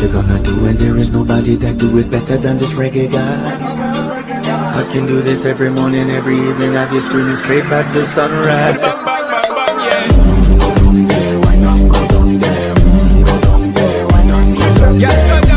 you you gonna do when there is nobody that do it better than this reggae guy? I can do this every morning, every evening Have you screaming straight back to sunrise yeah,